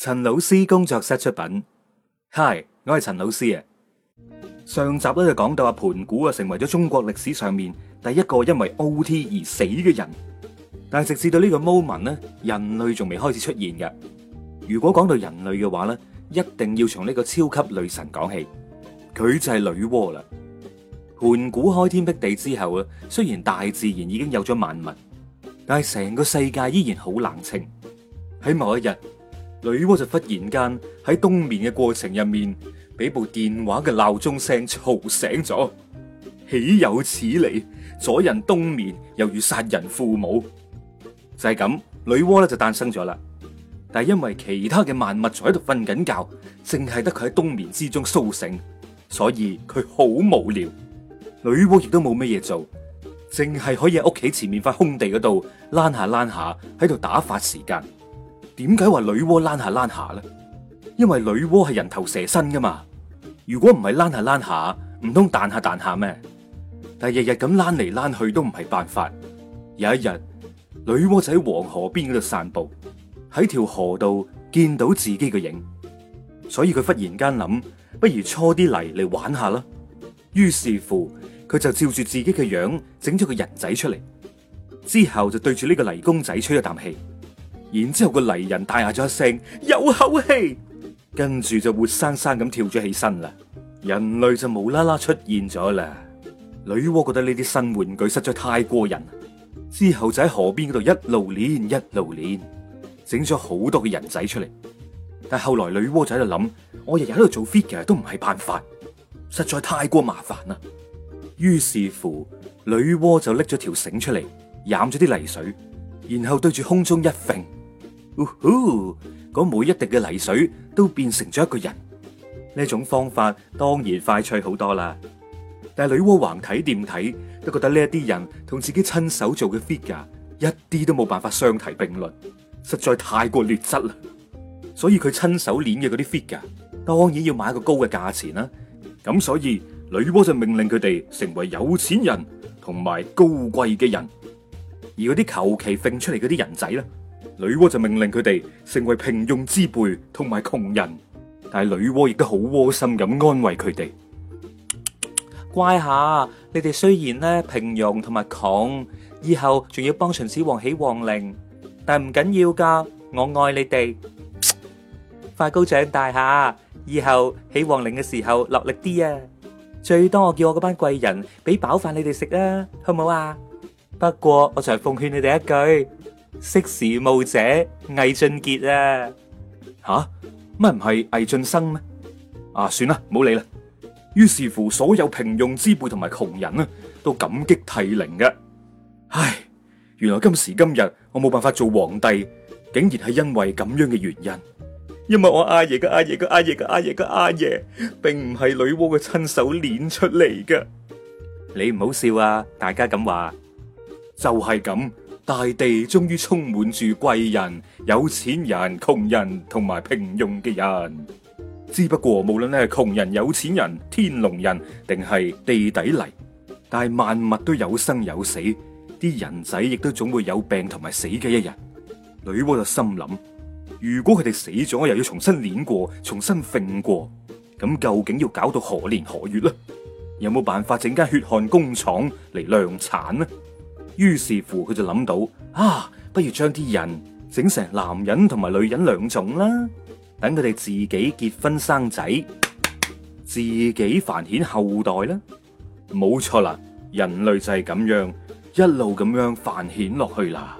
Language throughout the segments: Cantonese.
陳老師工作室出品。Hi，我係陳老師啊。上集咧就講到啊，盤古啊成為咗中國歷史上面第一個因為 OT 而死嘅人。但係直至到呢個 moment 咧，人類仲未開始出現嘅。如果講到人類嘅話咧，一定要從呢個超級女神講起。佢就係女媧啦。盤古開天闢地之後啊，雖然大自然已經有咗萬物，但係成個世界依然好冷清。喺某一日。女媧就忽然間喺冬眠嘅過程入面，俾部電話嘅鬧鐘聲吵醒咗。豈有此理！阻人冬眠，猶如殺人父母。就係咁，女媧咧就誕生咗啦。但係因為其他嘅萬物仲喺度瞓緊覺，淨係得佢喺冬眠之中蘇醒，所以佢好無聊。女媧亦都冇咩嘢做，淨係可以喺屋企前面塊空地嗰度攋下攋下，喺度打發時間。點解話女媧攣下攣下咧？因為女媧係人頭蛇身噶嘛。如果唔係攣下攣下，唔通彈下彈下咩？但係日日咁攣嚟，攣去都唔係辦法。有一日，女媧仔喺黃河邊嗰度散步，喺條河度見到自己嘅影，所以佢忽然間諗，不如搓啲泥嚟玩下啦。於是乎，佢就照住自己嘅樣整咗個人仔出嚟，之後就對住呢個泥公仔吹咗啖氣。然之後個泥人大嗌咗一聲有口氣，跟住就活生生咁跳咗起身啦。人類就無啦啦出現咗啦。女媧覺得呢啲新玩具實在太過癮，之後就喺河邊嗰度一路練一路練，整咗好多嘅人仔出嚟。但係後來女媧仔就諗，我日日喺度做 figure 都唔係辦法，實在太過麻煩啦。於是乎，女媧就拎咗條繩出嚟，染咗啲泥水，然後對住空中一揈。嗰每一滴嘅泥水都變成咗一個人，呢一種方法當然快脆好多啦。但係女媧橫睇掂睇，都覺得呢一啲人同自己親手做嘅 figure 一啲都冇辦法相提並論，實在太過劣質啦。所以佢親手捏嘅嗰啲 figure 當然要買個高嘅價錢啦。咁所以女媧就命令佢哋成為有錢人同埋高貴嘅人，而嗰啲求其揈出嚟嗰啲人仔咧，女媧就命令佢哋成為平庸之輩同埋窮人，但係女媧亦都好窩心咁安慰佢哋。乖下、啊，你哋雖然咧平庸同埋窮，以後仲要幫秦始皇起皇陵，但係唔緊要噶，我愛你哋。快高長大下，以後起皇陵嘅時候落力啲啊！最多我叫我班貴人俾飽飯你哋食啊，好唔好啊？不過我就係奉勸你哋一句。識時務者魏俊傑啊！吓，乜唔係魏俊生咩？啊，算啦，唔好理啦。於是乎，所有平庸之輩同埋窮人呢，都感激涕零嘅。唉，原來今時今日我冇辦法做皇帝，竟然係因為咁樣嘅原因。因為我阿爺嘅阿爺嘅阿爺嘅阿爺嘅阿爺，並唔係女媧嘅親手捏出嚟嘅。你唔好笑啊！大家咁話就係咁。大地終於充滿住貴人、有錢人、窮人同埋平庸嘅人。只不過無論咧係窮人、有錢人、天龍人定係地底泥，但係萬物都有生有死，啲人仔亦都總會有病同埋死嘅一日。女媧就心諗：如果佢哋死咗，又要重新練過、重新揈過，咁究竟要搞到何年何月呢？有冇辦法整間血汗工廠嚟量產呢？於是乎，佢就諗到啊，不如將啲人整成男人同埋女人兩種啦，等佢哋自己結婚生仔，自己繁衍後代啦。冇錯啦，人類就係咁樣一路咁樣繁衍落去啦。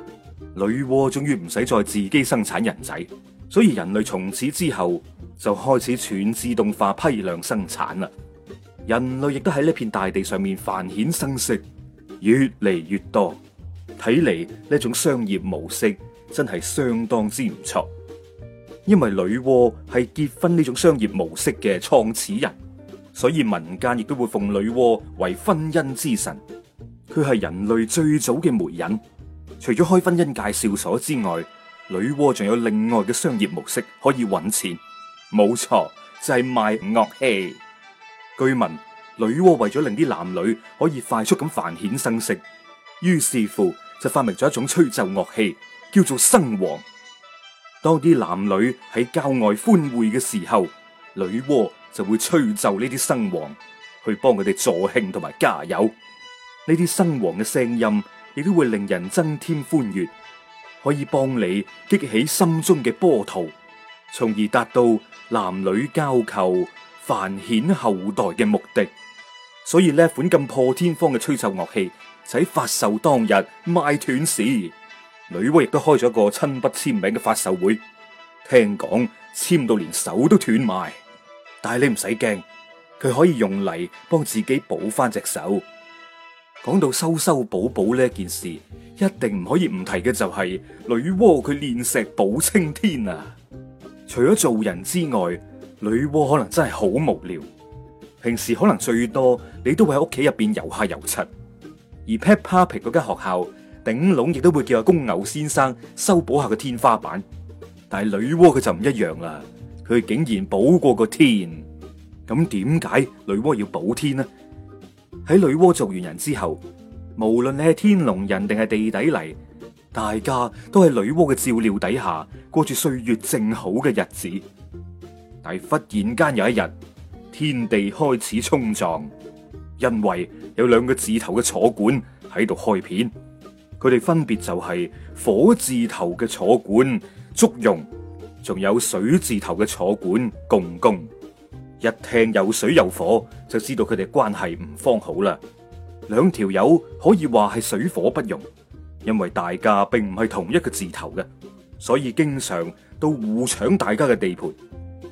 女媧啊，終於唔使再自己生產人仔，所以人類從此之後就開始全自動化批量生產啦。人類亦都喺呢片大地上面繁衍生息。越嚟越多，睇嚟呢種商業模式真係相當之唔錯。因為女媧係結婚呢種商業模式嘅創始人，所以民間亦都會奉女媧為婚姻之神，佢係人類最早嘅媒人。除咗開婚姻介紹所之外，女媧仲有另外嘅商業模式可以揾錢。冇錯，就係賣樂器。據聞。女媧為咗令啲男女可以快速咁繁衍生息，於是乎就發明咗一種吹奏樂器，叫做笙簧。當啲男女喺郊外歡會嘅時候，女媧就會吹奏呢啲笙簧，去幫佢哋助興同埋加油。呢啲笙簧嘅聲音亦都會令人增添歡悅，可以幫你激起心中嘅波濤，從而達到男女交媾繁衍後代嘅目的。所以呢款咁破天荒嘅吹奏樂器，就喺發售當日賣斷市。女媧亦都開咗個親筆簽名嘅發售會，聽講簽到連手都斷埋。但係你唔使驚，佢可以用嚟幫自己補翻隻手。講到修修補補呢一件事，一定唔可以唔提嘅就係女媧佢煉石補青天啊！除咗做人之外，女媧可能真係好無聊。平時可能最多你都會喺屋企入邊游下游漆，而 Peppa Pig 嗰間學校頂籠亦都會叫阿公牛先生修補下個天花板。但係女媧佢就唔一樣啦，佢竟然補過個天。咁點解女媧要補天呢？喺女媧做完人之後，無論你係天龍人定係地底泥，大家都係女媧嘅照料底下過住歲月正好嘅日子。但係忽然間有一日。天地開始沖撞，因為有兩個字頭嘅坐館喺度開片，佢哋分別就係火字頭嘅坐館祝融，仲有水字頭嘅坐館共工。一聽有水有火，就知道佢哋關係唔方好啦。兩條友可以話係水火不容，因為大家並唔係同一個字頭嘅，所以經常都互搶大家嘅地盤。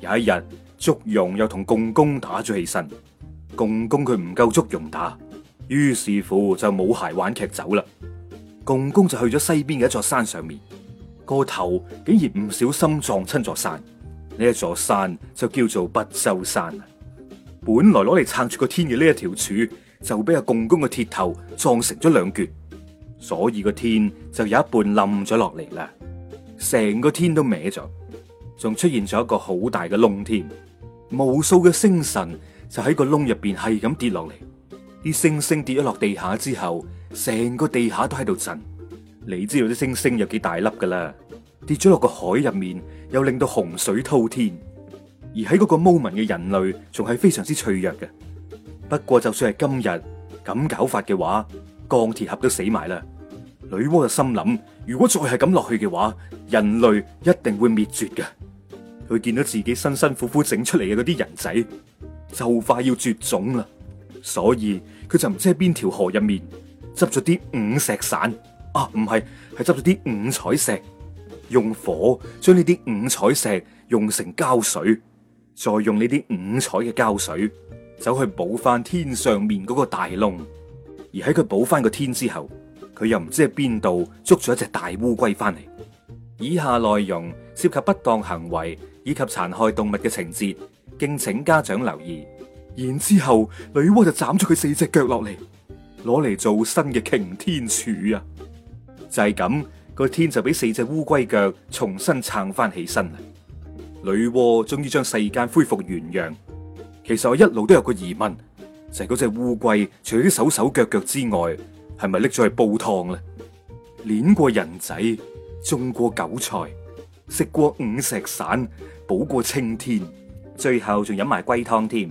有一日。祝融又同共工打咗起身，共工佢唔夠祝融打，於是乎就冇鞋玩劇走啦。共工就去咗西邊嘅一座山上面，個頭竟然唔小心撞親座山，呢一座山就叫做不周山。本來攞嚟撐住個天嘅呢一條柱，就俾阿共工嘅鐵頭撞成咗兩橛，所以個天就有一半冧咗落嚟啦，成個天都歪咗，仲出現咗一個好大嘅窿添。無數嘅星辰就喺個窿入邊係咁跌落嚟，啲星星跌咗落地下之後，成個地下都喺度震。你知道啲星星有幾大粒噶啦？跌咗落個海入面，又令到洪水滔天。而喺嗰個 moment 嘅人類，仲係非常之脆弱嘅。不過就算係今日咁搞法嘅話，鋼鐵俠都死埋啦。女媧就心諗，如果再係咁落去嘅話，人類一定會滅絕嘅。佢見到自己辛辛苦苦整出嚟嘅嗰啲人仔就快要絕種啦，所以佢就唔知喺邊條河入面執咗啲五石散啊，唔係，係執咗啲五彩石，用火將呢啲五彩石用成膠水，再用呢啲五彩嘅膠水走去補翻天上面嗰個大窿，而喺佢補翻個天之後，佢又唔知喺邊度捉咗一隻大烏龜翻嚟。以下內容涉及不當行為。以及殘害動物嘅情節，敬請家長留意。然之後女媧就斬咗佢四隻腳落嚟，攞嚟做新嘅擎天柱啊！就係咁，個天就俾四隻烏龜腳重新撐翻起身啦。女媧終於將世間恢復原樣。其實我一路都有個疑問，就係嗰隻烏龜除咗啲手手腳腳之外，係咪拎咗去煲湯咧？碾過人仔，種過韭菜，食過五石散。補過青天，最後仲飲埋龜湯添。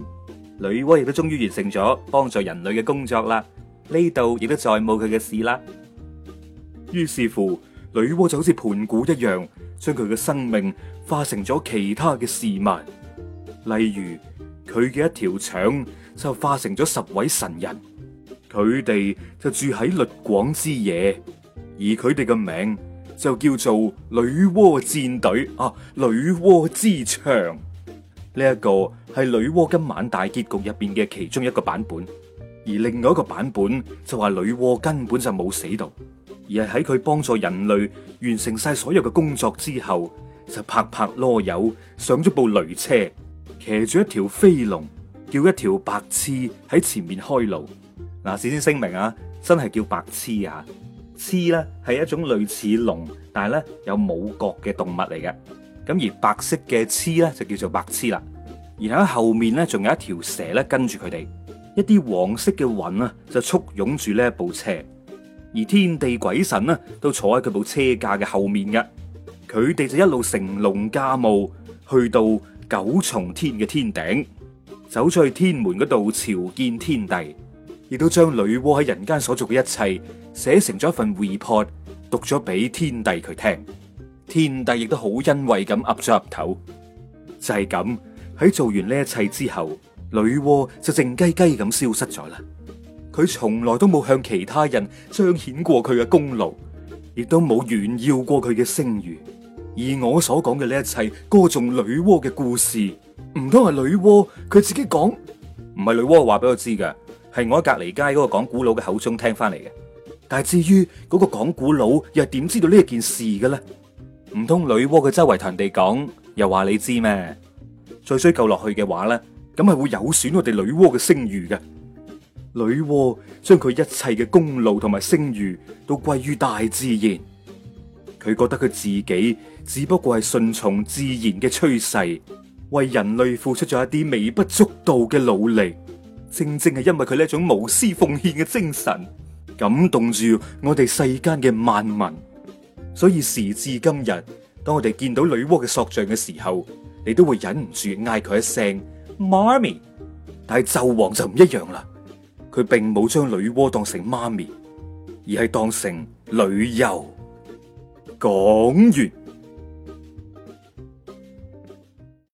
女媧亦都終於完成咗幫助人類嘅工作啦，呢度亦都再冇佢嘅事啦。於是乎，女媧就好似盤古一樣，將佢嘅生命化成咗其他嘅事物，例如佢嘅一條腸就化成咗十位神人，佢哋就住喺律廣之野，而佢哋嘅名。就叫做女媧戰隊啊，女媧之長呢一個係女媧今晚大結局入邊嘅其中一個版本，而另外一個版本就話女媧根本就冇死到，而係喺佢幫助人類完成晒所有嘅工作之後，就拍拍囉柚上咗部雷車，騎住一條飛龍，叫一條白痴喺前面開路。嗱、啊，事先聲明啊，真係叫白痴啊！螭咧係一種類似龍，但係咧有冇角嘅動物嚟嘅。咁而白色嘅螭咧就叫做白螭啦。然後喺後，後面咧仲有一條蛇咧跟住佢哋。一啲黃色嘅雲啊就簇擁住呢一部車。而天地鬼神呢都坐喺佢部車架嘅後面噶。佢哋就一路乘龍駕霧去到九重天嘅天頂，走出去天門嗰度朝見天地。亦都將女媧喺人間所做嘅一切寫成咗一份 report，讀咗俾天帝佢聽。天帝亦都好欣慰咁岌咗岌頭。就係咁喺做完呢一切之後，女媧就靜雞雞咁消失咗啦。佢從來都冇向其他人彰顯過佢嘅功勞，亦都冇炫耀過佢嘅聲譽。而我所講嘅呢一切歌頌女媧嘅故事，唔通係女媧佢自己講？唔係女媧話俾我知㗎。係我喺隔籬街嗰個講古佬嘅口中聽翻嚟嘅，但係至於嗰個講古佬又係點知道呢件事嘅咧？唔通女媧嘅周圍同人哋講，又話你知咩？再追究落去嘅話咧，咁係會有損我哋女媧嘅聲譽嘅。女媧將佢一切嘅功勞同埋聲譽都歸於大自然，佢覺得佢自己只不過係順從自然嘅趨勢，為人類付出咗一啲微不足道嘅努力。正正係因為佢呢種無私奉獻嘅精神，感動住我哋世間嘅萬民。所以時至今日，當我哋見到女媧嘅塑像嘅時候，你都會忍唔住嗌佢一聲媽咪。但係紂王就唔一樣啦，佢並冇將女媧當成媽咪，而係當成女優。講完。